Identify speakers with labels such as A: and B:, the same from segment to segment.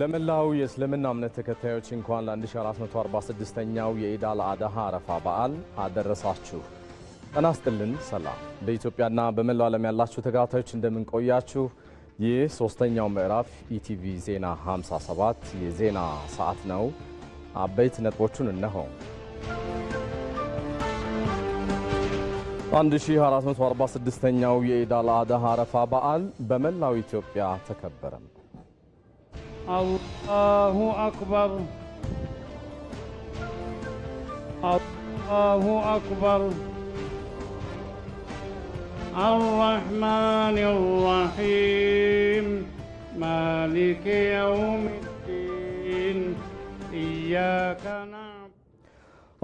A: ለመላው የእስልምና እምነት ተከታዮች እንኳን ለ1446ኛው የኢዳል አደሃ አድሃ አረፋ በዓል አደረሳችሁ። ጤና ይስጥልን። ሰላም በኢትዮጵያና በመላው ዓለም ያላችሁ ተከታታዮች እንደምንቆያችሁ፣ ይህ ሶስተኛው ምዕራፍ ኢቲቪ ዜና 57 የዜና ሰዓት ነው። አበይት ነጥቦቹን እነሆ 1446ኛው የኢዳል አደሃ አድሃ አረፋ በዓል በመላው ኢትዮጵያ ተከበረም።
B: الله أكبر الله أكبر الرحمن الرحيم مالك يوم الدين إياك نعبد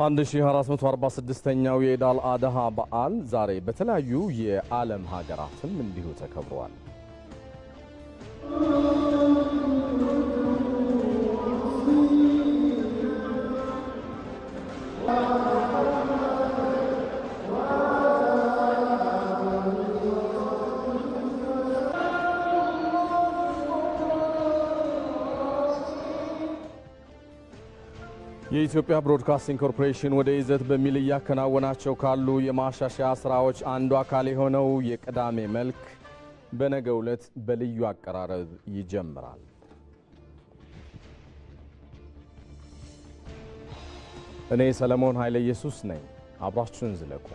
A: አንድ ሺህ አራት መቶ አርባ ስድስተኛው የኢዳል አድሃ በዓል ዛሬ በተለያዩ የዓለም ሀገራትም እንዲሁ ተከብሯል። የኢትዮጵያ ብሮድካስቲንግ ኮርፖሬሽን ወደ ይዘት በሚል እያከናወናቸው ካሉ የማሻሻያ ስራዎች አንዱ አካል የሆነው የቅዳሜ መልክ በነገ ዕለት በልዩ አቀራረብ ይጀምራል። እኔ ሰለሞን ኃይለ ኢየሱስ ነኝ። አብራችሁን ዝለቁ።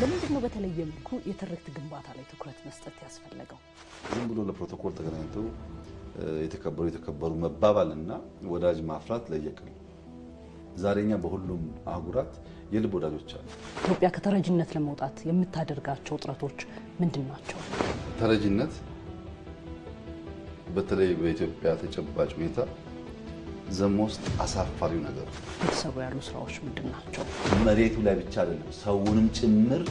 C: ለምንድን ነው በተለየ መልኩ የትርክት ግንባታ ላይ ትኩረት መስጠት ያስፈለገው?
D: ዝም ብሎ ለፕሮቶኮል ተገናኝተው የተከበሩ የተከበሩ መባባል እና ወዳጅ ማፍራት ነው። ዛሬኛ በሁሉም አህጉራት የልብ ወዳጆች አሉ።
C: ኢትዮጵያ ከተረጅነት ለመውጣት የምታደርጋቸው ጥረቶች ምንድን ናቸው?
D: ተረጅነት በተለይ በኢትዮጵያ ተጨባጭ ሁኔታ ዘሞስት አሳፋሪው ነገር
C: የተሰሩ ያሉ ስራዎች ምንድን ናቸው?
D: መሬቱ ላይ ብቻ አይደለም ሰውንም ጭምር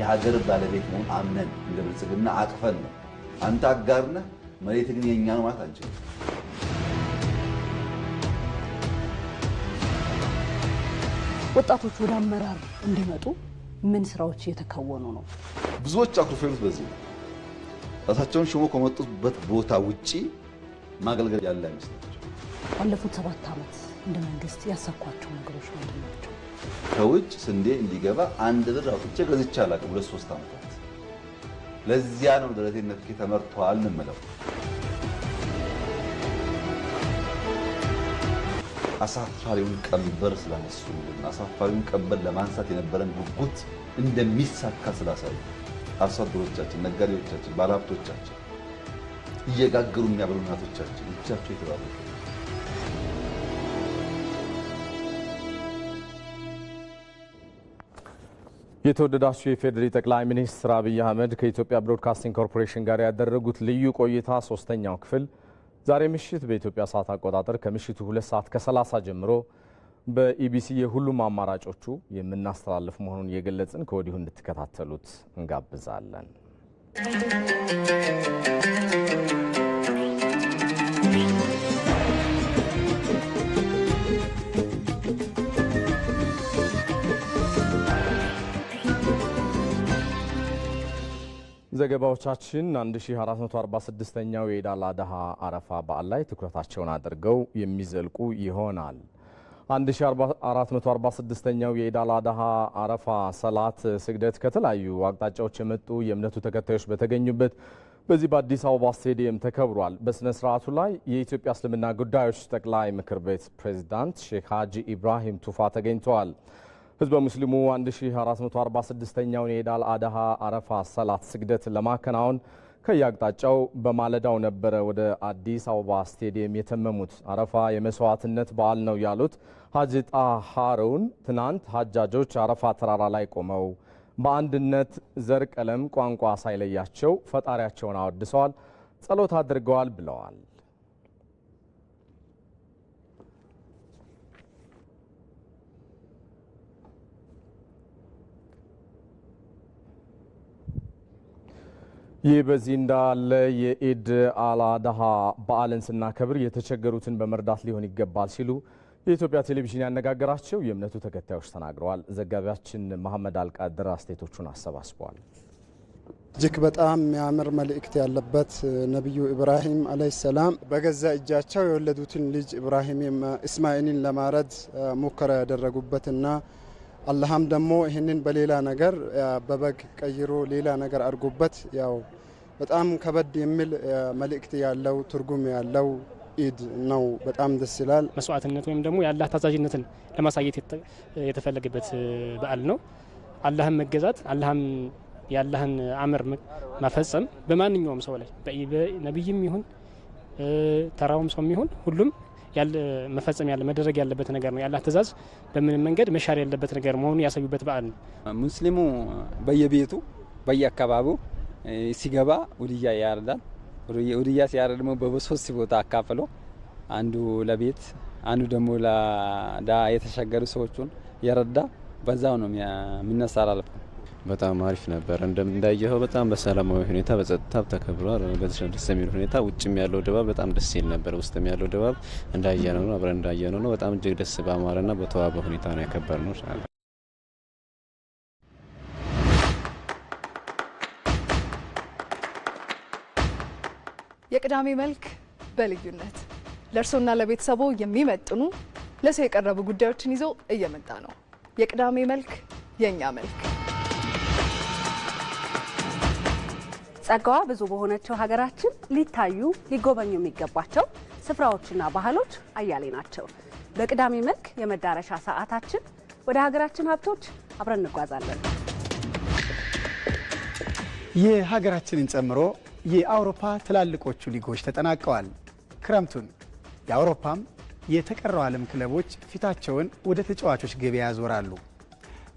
D: የሀገር ባለቤት መሆን አምነን እንደ ብልጽግና አቅፈን ነው አንተ አጋርነህ መሬት ግን የእኛ ነው ማለት አንችልም።
C: ወጣቶች ወደ አመራር እንዲመጡ ምን ስራዎች እየተከወኑ ነው?
D: ብዙዎች አኩርፎ የሉት በዚህ ነው። ራሳቸውን ሽሞ ከመጡበት ቦታ ውጪ ማገልገል ያለ አይመስላቸው።
C: ባለፉት ሰባት ዓመት እንደ መንግስት ያሳኳቸው ነገሮች ምንድን ናቸው?
D: ከውጭ ስንዴ እንዲገባ አንድ ብር አውጥቼ ገዝቼ አላውቅም። ሁለት ሶስት ዓመት ለዚያ ነው ደረቴ ተመርቷል እንምለው። አሳፋሪውን ቀንበር ስላነሱልን አሳፋሪውን ቀንበር ለማንሳት የነበረን ጉጉት እንደሚሳካ ስላሳዩ አርሶ አደሮቻችን፣ ነጋዴዎቻችን፣ ባለሀብቶቻችን እየጋገሩ የሚያበሉ እናቶቻችን እጃቸው የተባሉ
A: የተወደዳችሁ የፌዴሪ ጠቅላይ ሚኒስትር አብይ አህመድ ከኢትዮጵያ ብሮድካስቲንግ ኮርፖሬሽን ጋር ያደረጉት ልዩ ቆይታ ሶስተኛው ክፍል ዛሬ ምሽት በኢትዮጵያ ሰዓት አቆጣጠር ከምሽቱ ሁለት ሰዓት ከሰላሳ ጀምሮ በኢቢሲ የሁሉም አማራጮቹ የምናስተላልፍ መሆኑን የገለጽን ከወዲሁ እንድትከታተሉት እንጋብዛለን። ዘገባዎቻችን 1446ኛው የኢድ አል አድሃ አረፋ በዓል ላይ ትኩረታቸውን አድርገው የሚዘልቁ ይሆናል። 1446ኛው የኢድ አል አድሃ አረፋ ሰላት ስግደት ከተለያዩ አቅጣጫዎች የመጡ የእምነቱ ተከታዮች በተገኙበት በዚህ በአዲስ አበባ ስቴዲየም ተከብሯል። በሥነ ሥርዓቱ ላይ የኢትዮጵያ እስልምና ጉዳዮች ጠቅላይ ምክር ቤት ፕሬዚዳንት ሼክ ሀጂ ኢብራሂም ቱፋ ተገኝተዋል። ህዝበ ሙስሊሙ 1446ኛውን የኢዳል አድሃ አረፋ ሰላት ስግደት ለማከናወን ከየአቅጣጫው በማለዳው ነበረ ወደ አዲስ አበባ ስቴዲየም የተመሙት። አረፋ የመስዋዕትነት በዓል ነው ያሉት ሀጅ ጣሃሩን ትናንት ሀጃጆች አረፋ ተራራ ላይ ቆመው በአንድነት ዘር፣ ቀለም፣ ቋንቋ ሳይለያቸው ፈጣሪያቸውን አወድሰዋል፣ ጸሎት አድርገዋል ብለዋል። ይህ በዚህ እንዳለ የኢድ አላዳሃ በዓልን ስናከብር የተቸገሩትን በመርዳት ሊሆን ይገባል ሲሉ የኢትዮጵያ ቴሌቪዥን ያነጋገራቸው የእምነቱ ተከታዮች ተናግረዋል። ዘጋቢያችን መሐመድ አልቃድር አስተያየቶቹን አሰባስበዋል።
E: እጅግ በጣም የሚያምር መልእክት ያለበት ነቢዩ ኢብራሂም አለይሂ ሰላም በገዛ እጃቸው የወለዱትን ልጅ ኢብራሂም እስማኤልን ለማረድ ሙከራ ያደረጉበትና አላህም ደግሞ ይህንን በሌላ ነገር በበግ ቀይሮ ሌላ ነገር አድርጎበት ያው በጣም ከበድ የሚል መልእክት ያለው ትርጉም ያለው ኢድ ነው። በጣም ደስ ይላል።
F: መስዋዕትነት ወይም ደግሞ የአላህ ታዛዥነትን ለማሳየት የተፈለገበት በዓል ነው። አላህን መገዛት፣ አላህን የአላህን አምር መፈጸም በማንኛውም ሰው ላይ ነቢይም ይሁን ተራውም ሰው ይሁን ሁሉም ያለ መፈጸም ያለ መደረግ ያለበት ነገር ነው። የአላህ ትእዛዝ በምንም መንገድ መሻር ያለበት ነገር መሆኑን ያሳዩበት በዓል ነው።
G: ሙስሊሙ በየቤቱ በየአካባቢው ሲገባ ውድያ ያርዳል። ውድያ ሲያርድ ደግሞ በበሶስት ቦታ አካፍሎ አንዱ ለቤት አንዱ ደግሞ ለዳ የተሸገሩ ሰዎቹን የረዳ በዛው ነው የሚነሳራለፈው
H: በጣም አሪፍ ነበር። እንዳየኸው በጣም በሰላማዊ ሁኔታ በጸጥታ ተከብሯል። ደስ የሚል ሁኔታ ውጭም ያለው ድባብ በጣም ደስ ይል ነበር። ውስጥም ያለው ድባብ እንዳየ ነው፣ አብረን እንዳየ ነው። በጣም እጅግ ደስ በአማረና በተዋበ ሁኔታ ነው ያከበር ነው።
C: የቅዳሜ መልክ በልዩነት ለእርሶና ለቤተሰቦ የሚመጥኑ ለሰው የቀረቡ ጉዳዮችን ይዞ እየመጣ ነው። የቅዳሜ መልክ የእኛ መልክ ጸጋዋ ብዙ በሆነችው ሀገራችን ሊታዩ ሊጎበኙ የሚገባቸው ስፍራዎችና ባህሎች አያሌ ናቸው። በቅዳሜ መልክ የመዳረሻ ሰዓታችን ወደ ሀገራችን ሀብቶች አብረን እንጓዛለን።
A: የሀገራችንን ጨምሮ የአውሮፓ ትላልቆቹ ሊጎች ተጠናቀዋል። ክረምቱን የአውሮፓም የተቀረው ዓለም ክለቦች ፊታቸውን ወደ ተጫዋቾች ገበያ ያዞራሉ።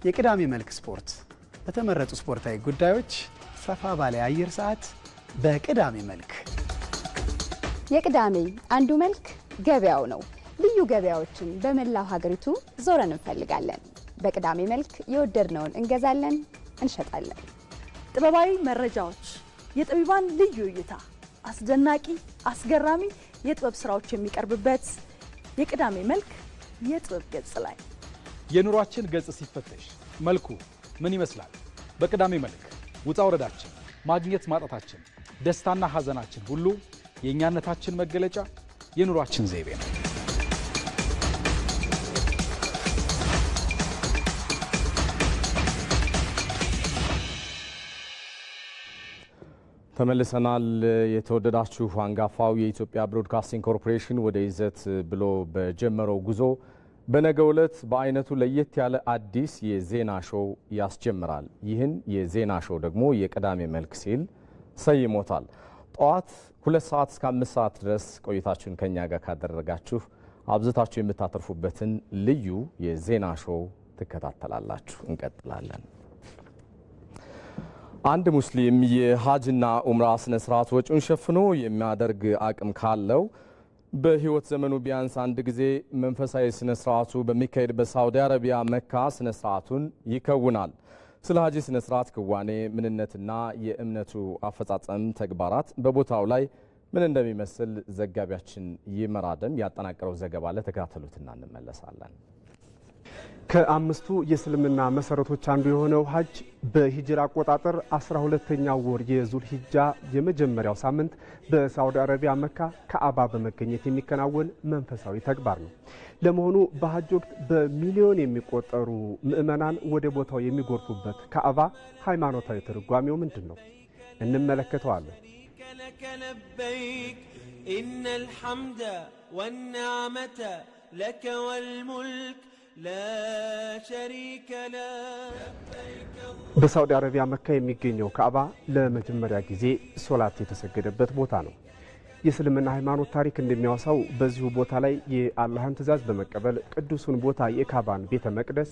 A: የቅዳሜ መልክ ስፖርት በተመረጡ ስፖርታዊ ጉዳዮች ሰፋ ባለ አየር ሰዓት በቅዳሜ መልክ
I: የቅዳሜ አንዱ መልክ ገበያው ነው። ልዩ ገበያዎችን በመላው ሀገሪቱ ዞረን እንፈልጋለን። በቅዳሜ መልክ የወደድነውን እንገዛለን፣ እንሸጣለን።
J: ጥበባዊ መረጃዎች፣ የጠቢባን ልዩ እይታ፣ አስደናቂ አስገራሚ የጥበብ ስራዎች የሚቀርብበት የቅዳሜ መልክ የጥበብ ገጽ ላይ
K: የኑሯችን ገጽ ሲፈተሽ መልኩ ምን ይመስላል? በቅዳሜ መልክ ውጣ ውረዳችን፣ ማግኘት ማጣታችን፣ ደስታና ሐዘናችን ሁሉ የእኛነታችን መገለጫ፣ የኑሯችን ዘይቤ ነው።
A: ተመልሰናል። የተወደዳችሁ አንጋፋው የኢትዮጵያ ብሮድካስቲንግ ኮርፖሬሽን ወደ ይዘት ብሎ በጀመረው ጉዞ በነገ ዕለት በአይነቱ ለየት ያለ አዲስ የዜና ሾው ያስጀምራል። ይህን የዜና ሾው ደግሞ የቅዳሜ መልክ ሲል ሰይሞታል። ጠዋት ሁለት ሰዓት እስከ አምስት ሰዓት ድረስ ቆይታችሁን ከእኛ ጋር ካደረጋችሁ አብዝታችሁ የምታተርፉበትን ልዩ የዜና ሾው ትከታተላላችሁ። እንቀጥላለን። አንድ ሙስሊም የሀጅና ኡምራ ስነስርዓት ወጪውን ሸፍኖ የሚያደርግ አቅም ካለው በህይወት ዘመኑ ቢያንስ አንድ ጊዜ መንፈሳዊ ስነ ስርዓቱ በሚካሄድ በሳውዲ አረቢያ መካ ስነ ስርዓቱን ይከውናል። ስለ ሀጂ ስነ ስርዓት ክዋኔ ምንነትና የእምነቱ አፈጻጸም ተግባራት በቦታው ላይ ምን እንደሚመስል ዘጋቢያችን ይመራደም ያጠናቀረው ዘገባ ለተከታተሉትና እንመለሳለን። ከአምስቱ የእስልምና መሰረቶች አንዱ የሆነው ሀጅ በሂጅራ አቆጣጠር 12ተኛው ወር የዙል ሂጃ የመጀመሪያው ሳምንት በሳውዲ አረቢያ መካ ከአባ በመገኘት የሚከናወን መንፈሳዊ ተግባር ነው። ለመሆኑ በሀጅ ወቅት በሚሊዮን የሚቆጠሩ ምዕመናን ወደ ቦታው የሚጎርፉበት ከአባ ሃይማኖታዊ ትርጓሜው ምንድን ነው? እንመለከተዋለን። ኢነ ልሐምደ ወናመተ ለከ ወልሙልክ በሳዑዲ አረቢያ መካ የሚገኘው ካዕባ ለመጀመሪያ ጊዜ ሶላት የተሰገደበት ቦታ ነው። የእስልምና ሃይማኖት ታሪክ እንደሚያወሳው በዚሁ ቦታ ላይ የአላህን ትእዛዝ በመቀበል ቅዱሱን ቦታ የካዕባን ቤተ መቅደስ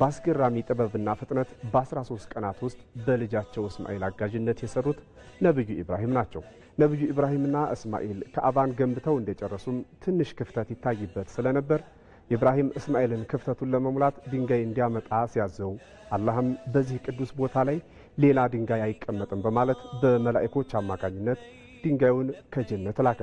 A: በአስገራሚ ጥበብና ፍጥነት በ13 ቀናት ውስጥ በልጃቸው እስማኤል አጋዥነት የሰሩት ነቢዩ ኢብራሂም ናቸው። ነቢዩ ኢብራሂምና እስማኤል ካዕባን ገንብተው እንደጨረሱም ትንሽ ክፍተት ይታይበት ስለነበር የኢብራሂም እስማኤልን ክፍተቱን ለመሙላት ድንጋይ እንዲያመጣ ሲያዘው አላህም በዚህ ቅዱስ ቦታ ላይ ሌላ ድንጋይ አይቀመጥም በማለት በመላእኮች አማካኝነት ድንጋዩን ከጀነት ላከ።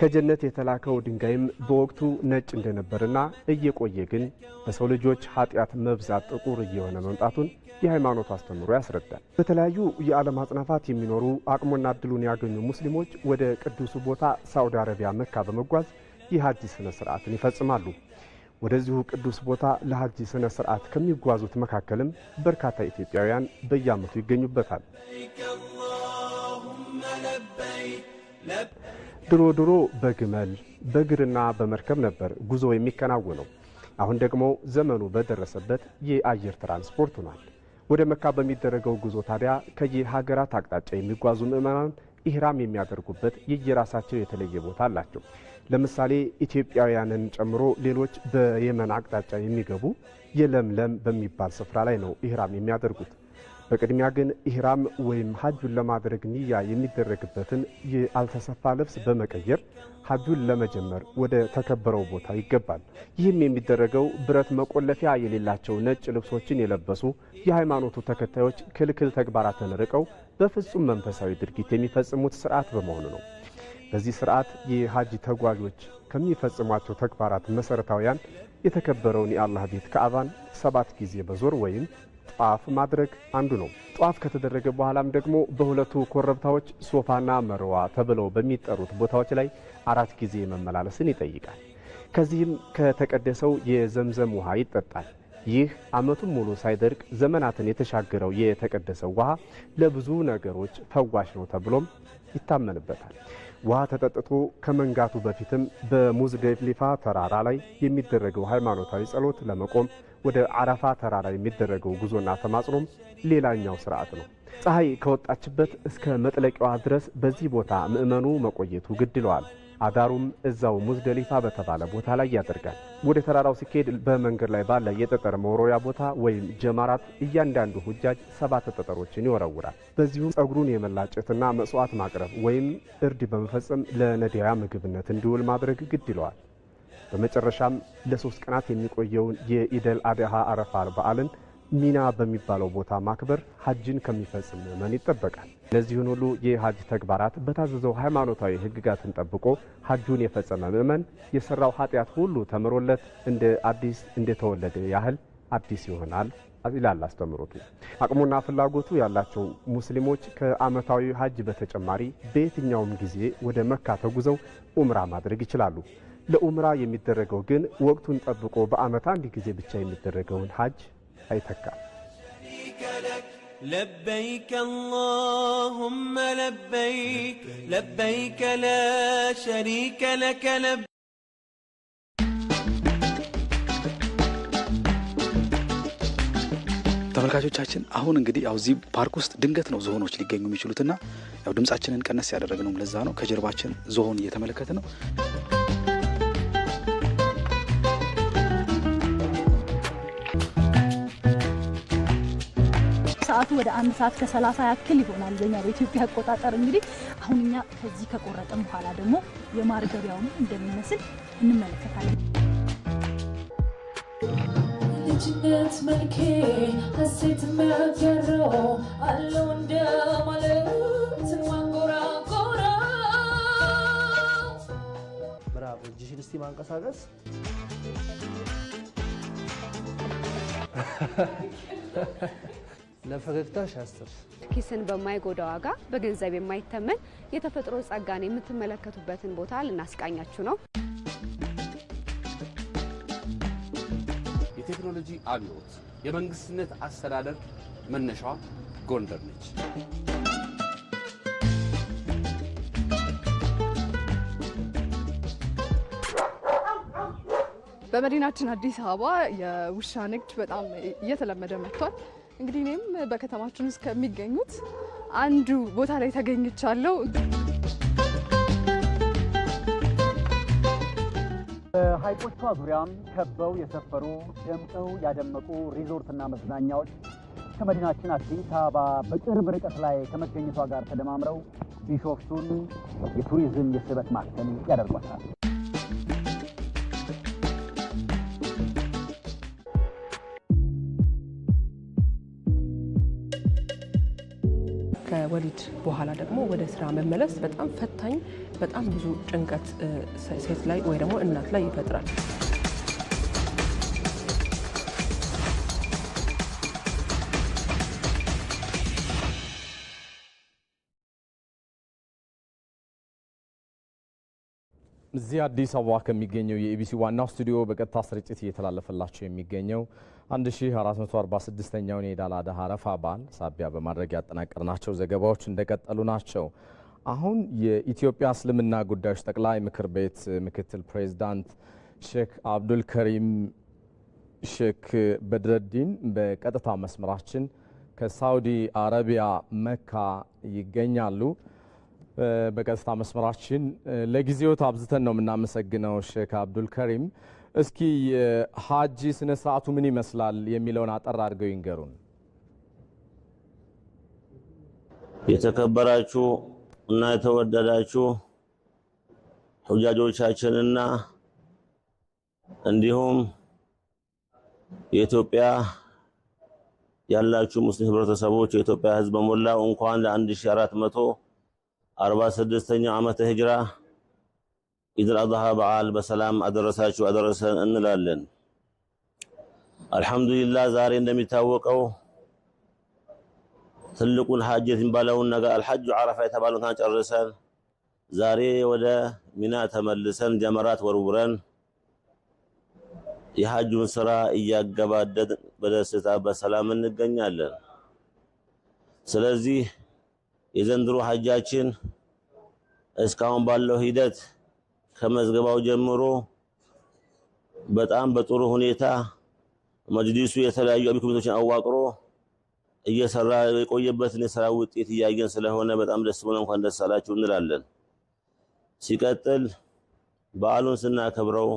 A: ከጀነት የተላከው ድንጋይም በወቅቱ ነጭ እንደነበርና እየቆየ ግን በሰው ልጆች ኃጢአት መብዛት ጥቁር እየሆነ መምጣቱን የሃይማኖት አስተምሮ ያስረዳል። በተለያዩ የዓለም አጽናፋት የሚኖሩ አቅሞና እድሉን ያገኙ ሙስሊሞች ወደ ቅዱሱ ቦታ ሳዑዲ አረቢያ መካ በመጓዝ የሀጅ ስነ ስርዓትን ይፈጽማሉ። ወደዚሁ ቅዱስ ቦታ ለሀጂ ስነ ስርዓት ከሚጓዙት መካከልም በርካታ ኢትዮጵያውያን በየዓመቱ ይገኙበታል። ድሮ ድሮ በግመል በእግርና በመርከብ ነበር ጉዞ የሚከናወነው። አሁን ደግሞ ዘመኑ በደረሰበት የአየር ትራንስፖርት ሆኗል። ወደ መካ በሚደረገው ጉዞ ታዲያ ከየሀገራት አቅጣጫ የሚጓዙ ምዕመናን ኢህራም የሚያደርጉበት የየራሳቸው የተለየ ቦታ አላቸው። ለምሳሌ ኢትዮጵያውያንን ጨምሮ ሌሎች በየመን አቅጣጫ የሚገቡ የለምለም በሚባል ስፍራ ላይ ነው ኢህራም የሚያደርጉት። በቅድሚያ ግን ኢህራም ወይም ሀጁን ለማድረግ ንያ የሚደረግበትን ያልተሰፋ ልብስ በመቀየር ሀጁን ለመጀመር ወደ ተከበረው ቦታ ይገባል። ይህም የሚደረገው ብረት መቆለፊያ የሌላቸው ነጭ ልብሶችን የለበሱ የሃይማኖቱ ተከታዮች ክልክል ተግባራትን ርቀው በፍጹም መንፈሳዊ ድርጊት የሚፈጽሙት ስርዓት በመሆኑ ነው። በዚህ ስርዓት የሀጂ ተጓዦች ከሚፈጽሟቸው ተግባራት መሠረታውያን የተከበረውን የአላህ ቤት ካዕባን ሰባት ጊዜ በዞር ወይም ጧፍ ማድረግ አንዱ ነው። ጧፍ ከተደረገ በኋላም ደግሞ በሁለቱ ኮረብታዎች ሶፋና መርዋ ተብለው በሚጠሩት ቦታዎች ላይ አራት ጊዜ መመላለስን ይጠይቃል። ከዚህም ከተቀደሰው የዘምዘም ውሃ ይጠጣል። ይህ ዓመቱን ሙሉ ሳይደርቅ ዘመናትን የተሻገረው የተቀደሰው ውሃ ለብዙ ነገሮች ፈዋሽ ነው ተብሎም ይታመንበታል። ውሃ ተጠጥቶ ከመንጋቱ በፊትም በሙዝደሊፋ ተራራ ላይ የሚደረገው ሃይማኖታዊ ጸሎት ለመቆም ወደ አረፋ ተራራ የሚደረገው ጉዞና ተማጽኖም ሌላኛው ስርዓት ነው። ፀሐይ ከወጣችበት እስከ መጥለቂያዋ ድረስ በዚህ ቦታ ምእመኑ መቆየቱ ግድ ይለዋል። አዳሩም እዛው ሙዝደሊፋ በተባለ ቦታ ላይ ያደርጋል። ወደ ተራራው ሲካሄድ በመንገድ ላይ ባለ የጠጠር መወሮሪያ ቦታ ወይም ጀማራት እያንዳንዱ ሁጃጅ ሰባት ጠጠሮችን ይወረውራል። በዚሁም ጸጉሩን የመላጨትና መስዋዕት ማቅረብ ወይም እርድ በመፈጸም ለነዳያ ምግብነት እንዲውል ማድረግ ግድ ይለዋል። በመጨረሻም ለሶስት ቀናት የሚቆየውን የኢደል አድሃ አረፋ በዓልን ሚና በሚባለው ቦታ ማክበር ሀጅን ከሚፈጽም ምዕመን ይጠበቃል። እነዚህን ሁሉ የሀጅ ተግባራት በታዘዘው ሃይማኖታዊ ህግጋትን ጠብቆ ሀጁን የፈጸመ ምእመን የሰራው ኃጢአት ሁሉ ተምሮለት እንደ አዲስ እንደተወለደ ያህል አዲስ ይሆናል ይላል አስተምሮቱ። አቅሙና ፍላጎቱ ያላቸው ሙስሊሞች ከአመታዊ ሀጅ በተጨማሪ በየትኛውም ጊዜ ወደ መካ ተጉዘው ኡምራ ማድረግ ይችላሉ። ለኡምራ የሚደረገው ግን ወቅቱን ጠብቆ በአመት አንድ ጊዜ ብቻ የሚደረገውን ሀጅ አይተካም። لبيك اللهم لبيك لبيك لا
L: شريك لك لبيك ተመልካቾቻችን አሁን እንግዲህ ያው እዚህ ፓርክ ውስጥ ድንገት ነው ዝሆኖች ሊገኙ የሚችሉትና ያው ድምጻችንን ቀነስ ያደረግነው ለዛ ነው። ከጀርባችን ዝሆን እየተመለከት ነው።
M: ሰዓቱ ወደ አንድ ሰዓት ከሰላሳ ያክል ይሆናል በኛ በኢትዮጵያ አቆጣጠር። እንግዲህ አሁን እኛ ከዚህ ከቆረጠን በኋላ ደግሞ የማር እንደሚመስል እንመለከታለን። ልጅነት መልኬ ሀሴት የሚያገረው
N: አለው እንደ ማለት ማንጎራጎራ ብራቮ። እጅሽን እስቲ ማንቀሳቀስ Ha ha ha. ለፈገግታሽ አስር
O: ኪስን በማይጎዳ ዋጋ በገንዘብ የማይተመን የተፈጥሮ ጸጋን የምትመለከቱበትን ቦታ ልናስቃኛችሁ ነው።
P: የቴክኖሎጂ አብዮት የመንግስትነት አስተዳደር መነሻዋ ጎንደር ነች።
Q: በመዲናችን አዲስ አበባ የውሻ ንግድ በጣም እየተለመደ መጥቷል። እንግዲህ እኔም በከተማችን ውስጥ ከሚገኙት አንዱ ቦታ ላይ ተገኝቻለሁ።
R: በሐይቆቿ ዙሪያም ከበው የሰፈሩ ደምቀው ያደመቁ ሪዞርትና መዝናኛዎች ከመዲናችን አዲስ አበባ በቅርብ ርቀት ላይ ከመገኘቷ ጋር ተደማምረው ቢሾፍቱን የቱሪዝም የስበት ማዕከል ያደርጓታል።
S: ከወሊድ በኋላ ደግሞ ወደ ስራ መመለስ በጣም ፈታኝ፣ በጣም ብዙ ጭንቀት ሴት ላይ ወይ ደግሞ እናት ላይ ይፈጥራል።
A: እዚህ አዲስ አበባ ከሚገኘው የኢቢሲ ዋናው ስቱዲዮ በቀጥታ ስርጭት እየተላለፈላቸው የሚገኘው 1446ኛውን የኢድ አል አድሃ አረፋ በዓል ሳቢያ በማድረግ ያጠናቀርናቸው ዘገባዎች እንደቀጠሉ ናቸው። አሁን የኢትዮጵያ እስልምና ጉዳዮች ጠቅላይ ምክር ቤት ምክትል ፕሬዚዳንት ሼክ አብዱልከሪም ከሪም ሼክ በድረዲን በቀጥታ መስመራችን ከሳውዲ አረቢያ መካ ይገኛሉ። በቀጥታ መስመራችን ለጊዜዎት አብዝተን ነው የምናመሰግነው ሼክ አብዱል ከሪም። እስኪ ሀጂ ስነ ስርዓቱ ምን ይመስላል የሚለውን አጠር አድርገው ይንገሩን።
T: የተከበራችሁ እና የተወደዳችሁ ሁጃጆቻችንና እንዲሁም የኢትዮጵያ ያላችሁ ሙስሊም ህብረተሰቦች የኢትዮጵያ ህዝብ በሞላው እንኳን ለ1400 አርባ ስድስተኛው ዓመተ ሂጅራ ኢድል አድሃ በዓል በሰላም አደረሳችሁ አደረሰን እንላለን። አልሐምዱሊላህ ዛሬ እንደሚታወቀው ትልቁን ሀጅ የሚባለውን ነገር አልሐጁ ዓረፋ የተባለውን ጨርሰን ዛሬ ወደ ሚና ተመልሰን ጀመራት ወርውረን የሀጁን ስራ እያገባደድ በደስታ በሰላም እንገኛለን። ስለዚህ የዘንድሮ ሀጃችን እስካሁን ባለው ሂደት ከመዝገባው ጀምሮ በጣም በጥሩ ሁኔታ መጅሊሱ የተለያዩ አብይ ኮሚቴዎችን አዋቅሮ እየሰራ የቆየበትን የስራ ውጤት እያየን ስለሆነ በጣም ደስ ብሎ እንኳን ደስ አላችሁ እንላለን። ሲቀጥል በዓሉን ስናከብረው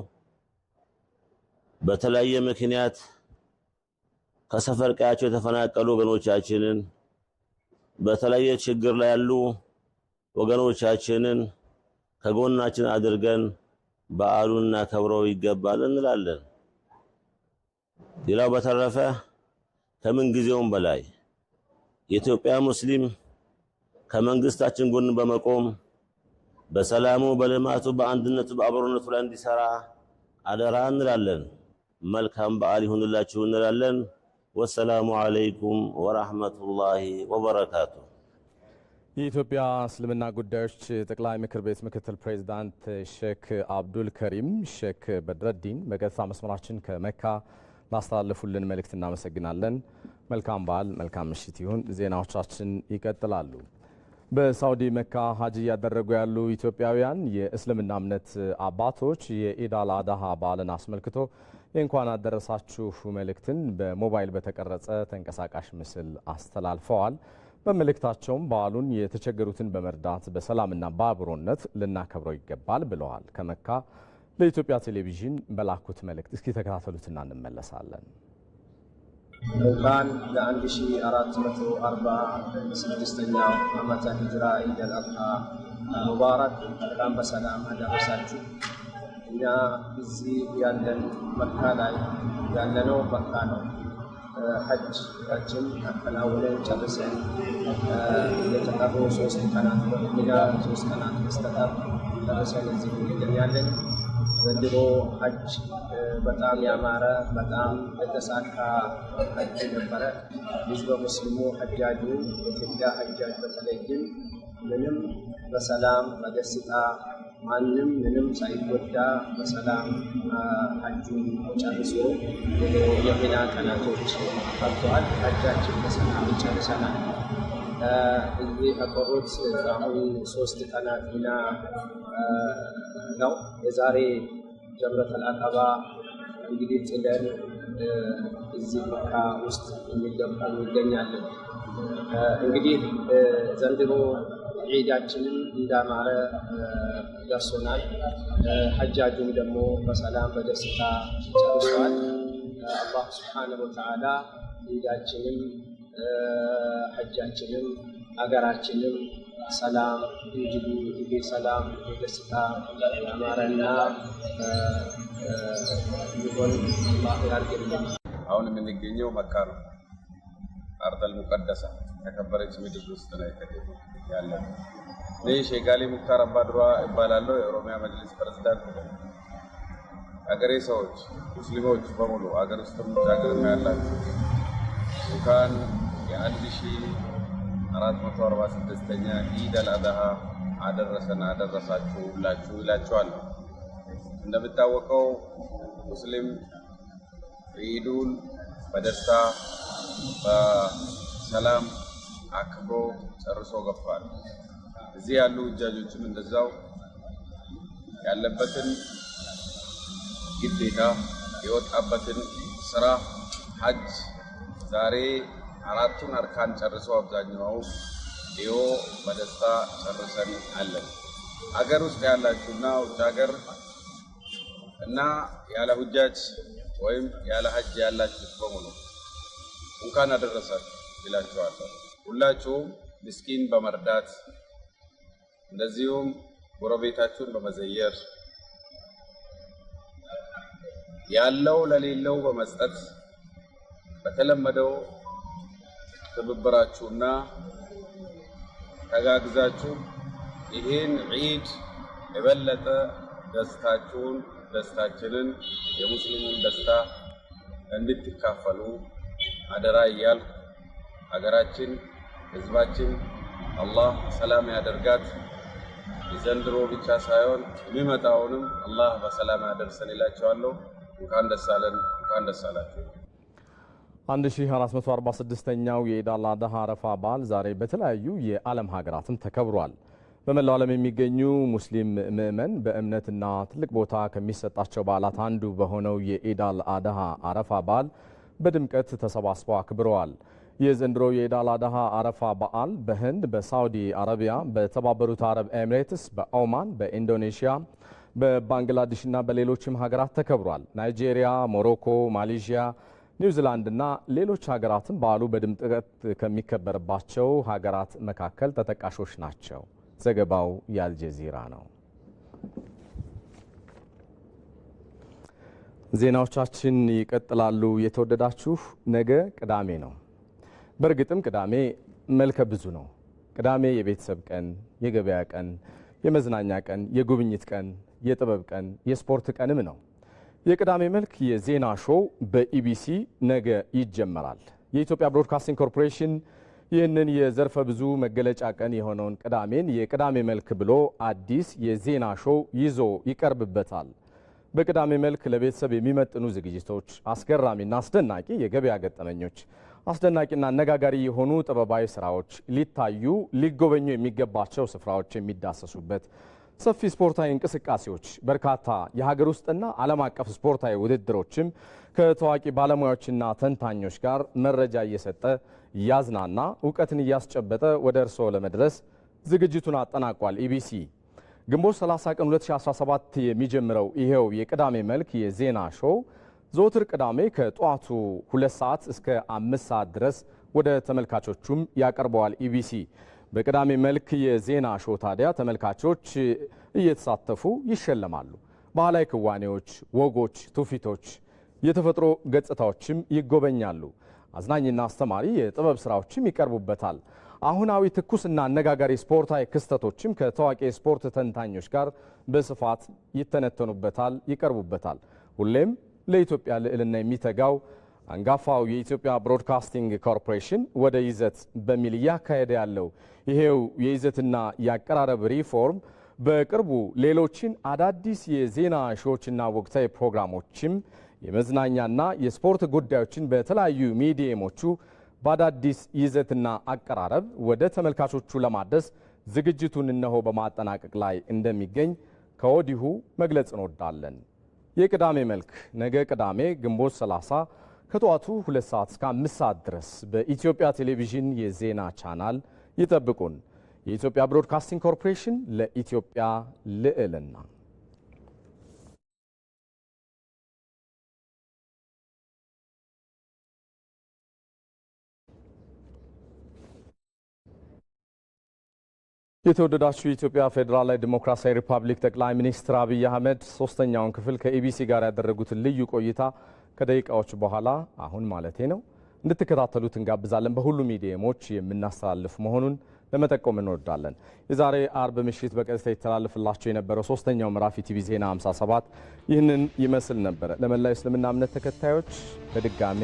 T: በተለያየ ምክንያት ከሰፈር ቀያቸው የተፈናቀሉ ወገኖቻችንን በተለየ ችግር ላይ ያሉ ወገኖቻችንን ከጎናችን አድርገን በዓሉን እናከብረው ይገባል እንላለን። ሌላው በተረፈ ከምን ጊዜውም በላይ የኢትዮጵያ ሙስሊም ከመንግስታችን ጎን በመቆም በሰላሙ፣ በልማቱ፣ በአንድነቱ፣ በአብሮነቱ ላይ እንዲሰራ አደራ እንላለን። መልካም በዓል ይሁንላችሁ እንላለን። ወሰላሙ አለይኩም ወረህመቱላሂ ወበረካቱ።
A: የኢትዮጵያ እስልምና ጉዳዮች ጠቅላይ ምክር ቤት ምክትል ፕሬዚዳንት ሼክ አብዱል ከሪም ሼክ በድረዲን በቀጥታ መስመራችን ከመካ ላስተላለፉልን መልእክት እናመሰግናለን። መልካም በዓል፣ መልካም ምሽት ይሁን። ዜናዎቻችን ይቀጥላሉ። በሳውዲ መካ ሀጅ እያደረጉ ያሉ ኢትዮጵያውያን የእስልምና እምነት አባቶች የኢድ አል አድሃ በዓልን አስመልክቶ የእንኳን አደረሳችሁ መልእክትን በሞባይል በተቀረጸ ተንቀሳቃሽ ምስል አስተላልፈዋል። በመልእክታቸውም በዓሉን የተቸገሩትን በመርዳት በሰላምና በአብሮነት ልናከብረው ይገባል ብለዋል። ከመካ ለኢትዮጵያ ቴሌቪዥን በላኩት መልእክት እስኪ ተከታተሉትና እንመለሳለን።
U: እንኳን ለ1446ኛ ዓመተ ሂጅራ ኢድ አድሃ ሙባረክ በጣም በሰላም አደረሳችሁ። እኛ እዚህ ያለን መካ ላይ ያለነው መካ ነው። ሐጃችን አከናውነን ጨርሰን የተቀሩ ሶስት ቀናት ሌላ ሶስት ቀናት በስተቀር ደረሰን እዚህ ያለን ዘንድሮ ሐጅ በጣም ያማረ በጣም የተሳካ ሐጅ ነበረ። ህዝበ ሙስሊሙ ሐጃጁ የኢትዮጵያ ሐጃጅ በተለይ ግን ምንም በሰላም በደስታ ማንም ምንም ሳይጎዳ በሰላም ሀጁን ጨርሶ የሚና ቀናቶች ፈርተዋል። ሀጃችን በሰላም ጨርሰናል። እዚህ የቀሩት አሁን ሶስት ቀናት ሚና ነው። የዛሬ ጀምረተል አቀባ እንግዲህ ጥለን እዚህ መካ ውስጥ የሚገባ እንገኛለን። እንግዲህ ዘንድሮ ዒዳችንን እንዳማረ ደርሶናል። ሐጃጁም ደግሞ በሰላም በደስታ ጨርሰዋል። አላህ ስብሓነሁ ወተዓላ ዒዳችንም ሐጃችንም አገራችንም ሰላም እንጅሉ ጊዜ ሰላም የደስታ ያማረና
V: ሊሆን አላህ ያርግልን። አሁን የምንገኘው መካ ነው። አርደል ሙቀደሳ ተከበረች ምድር ውስጥ ነው የተገኘው። ያለ እኔ ሼክ ሙክታር አባድሯ እባላለሁ። የኦሮሚያ መጅሊስ ፕሬዝዳንት አገሬ ሰዎች ሙስሊሞች በሙሉ አገር ውስጥም ውጭ ሀገርም ያላችሁ እንኳን የአንድ ሺ አራት መቶ አርባ ስድስተኛ ኢድ አልአድሃ አደረሰን አደረሳችሁ ሁላችሁ ይላችኋል። እንደሚታወቀው ሙስሊም ኢዱን በደስታ በሰላም አክብሮ ጨርሶ ገብቷል። እዚህ ያሉ እጃጆችም እንደዛው ያለበትን ግዴታ የወጣበትን ስራ ሀጅ ዛሬ አራቱን አርካን ጨርሶ አብዛኛው ዲዮ በደስታ ጨርሰን አለን። ሀገር ውስጥ ያላችሁና ውጭ ሀገር እና ያለ ሁጃጅ ወይም ያለ ሀጅ ያላችሁ በሙሉ እንኳን አደረሳችሁ ይላችኋለሁ። ሁላችሁም ምስኪን በመርዳት እንደዚሁም ጎረቤታችሁን በመዘየር ያለው ለሌለው በመስጠት በተለመደው ትብብራችሁና ተጋግዛችሁ ይህን ዒድ የበለጠ ደስታችሁን ደስታችንን የሙስሊሙን ደስታ እንድትካፈሉ አደራ እያልኩ ሀገራችን ህዝባችን አላህ ሰላም ያደርጋት። የዘንድሮ ብቻ ሳይሆን የሚመጣውንም አላህ በሰላም ያደርሰን ይላቸዋለሁ። እንኳን ደስ አለን፣ እንኳን ደስ አላቸው።
A: 1446ኛው የኢድ አል አድሃ አረፋ በዓል ዛሬ በተለያዩ የዓለም ሀገራትም ተከብሯል። በመላው ዓለም የሚገኙ ሙስሊም ምእመን በእምነትና ትልቅ ቦታ ከሚሰጣቸው በዓላት አንዱ በሆነው የኢድ አል አድሃ አረፋ በዓል በድምቀት ተሰባስበው አክብረዋል። የዘንድሮ የኢድ አል አድሃ አረፋ በዓል በህንድ፣ በሳውዲ አረቢያ፣ በተባበሩት አረብ ኤሚሬትስ፣ በኦማን፣ በኢንዶኔሽያ፣ እና በሌሎችም ሀገራት ተከብሯል። ናይጄሪያ፣ ሞሮኮ፣ ማሌዥያ፣ እና ሌሎች ሀገራትም በዓሉ በድምቀት ከሚከበርባቸው ሀገራት መካከል ተጠቃሾች ናቸው። ዘገባው የአልጀዚራ ነው። ዜናዎቻችን ይቀጥላሉ። የተወደዳችሁ ነገ ቅዳሜ ነው በእርግጥም ቅዳሜ መልከ ብዙ ነው። ቅዳሜ የቤተሰብ ቀን፣ የገበያ ቀን፣ የመዝናኛ ቀን፣ የጉብኝት ቀን፣ የጥበብ ቀን፣ የስፖርት ቀንም ነው። የቅዳሜ መልክ የዜና ሾው በኢቢሲ ነገ ይጀመራል። የኢትዮጵያ ብሮድካስቲንግ ኮርፖሬሽን ይህንን የዘርፈ ብዙ መገለጫ ቀን የሆነውን ቅዳሜን የቅዳሜ መልክ ብሎ አዲስ የዜና ሾው ይዞ ይቀርብበታል። በቅዳሜ መልክ ለቤተሰብ የሚመጥኑ ዝግጅቶች፣ አስገራሚና አስደናቂ የገበያ ገጠመኞች አስደናቂና አነጋጋሪ የሆኑ ጥበባዊ ስራዎች ሊታዩ ሊጎበኙ የሚገባቸው ስፍራዎች የሚዳሰሱበት ሰፊ ስፖርታዊ እንቅስቃሴዎች፣ በርካታ የሀገር ውስጥና ዓለም አቀፍ ስፖርታዊ ውድድሮችም ከታዋቂ ባለሙያዎችና ተንታኞች ጋር መረጃ እየሰጠ እያዝናና እውቀትን እያስጨበጠ ወደ እርስዎ ለመድረስ ዝግጅቱን አጠናቋል። ኢቢሲ ግንቦት 30 ቀን 2017 የሚጀምረው ይኸው የቅዳሜ መልክ የዜና ሾው ዘወትር ቅዳሜ ከጠዋቱ ሁለት ሰዓት እስከ አምስት ሰዓት ድረስ ወደ ተመልካቾቹም ያቀርበዋል ኢቢሲ። በቅዳሜ መልክ የዜና ሾው ታዲያ ተመልካቾች እየተሳተፉ ይሸለማሉ። ባህላዊ ክዋኔዎች፣ ወጎች፣ ትውፊቶች፣ የተፈጥሮ ገጽታዎችም ይጎበኛሉ። አዝናኝና አስተማሪ የጥበብ ስራዎችም ይቀርቡበታል። አሁናዊ ትኩስና አነጋጋሪ ስፖርታዊ ክስተቶችም ከታዋቂ የስፖርት ተንታኞች ጋር በስፋት ይተነተኑበታል፣ ይቀርቡበታል ሁሌም ለኢትዮጵያ ልዕልና የሚተጋው አንጋፋው የኢትዮጵያ ብሮድካስቲንግ ኮርፖሬሽን ወደ ይዘት በሚል እያካሄደ ያለው ይሄው የይዘትና የአቀራረብ ሪፎርም በቅርቡ ሌሎችን አዳዲስ የዜና ሾዎችና ወቅታዊ ፕሮግራሞችም የመዝናኛና የስፖርት ጉዳዮችን በተለያዩ ሚዲየሞቹ በአዳዲስ ይዘትና አቀራረብ ወደ ተመልካቾቹ ለማድረስ ዝግጅቱን እነሆ በማጠናቀቅ ላይ እንደሚገኝ ከወዲሁ መግለጽ እንወዳለን። የቅዳሜ መልክ ነገ ቅዳሜ ግንቦት 30 ከጠዋቱ 2 ሰዓት እስከ 5 ሰዓት ድረስ በኢትዮጵያ ቴሌቪዥን የዜና ቻናል ይጠብቁን። የኢትዮጵያ ብሮድካስቲንግ ኮርፖሬሽን ለኢትዮጵያ ልዕልና የተወደዳችሁ የኢትዮጵያ ፌዴራላዊ ዲሞክራሲያዊ ሪፐብሊክ ጠቅላይ ሚኒስትር አብይ አህመድ ሶስተኛውን ክፍል ከኢቢሲ ጋር ያደረጉትን ልዩ ቆይታ ከደቂቃዎች በኋላ አሁን ማለቴ ነው እንድትከታተሉት እንጋብዛለን። በሁሉ ሚዲየሞች የምናስተላልፍ መሆኑን ለመጠቆም እንወዳለን። የዛሬ አርብ ምሽት በቀጥታ የተላለፍላቸው የነበረው ሶስተኛው ምዕራፍ የቲቪ ዜና 57 ይህንን ይመስል ነበረ። ለመላው እስልምና እምነት ተከታዮች በድጋሜ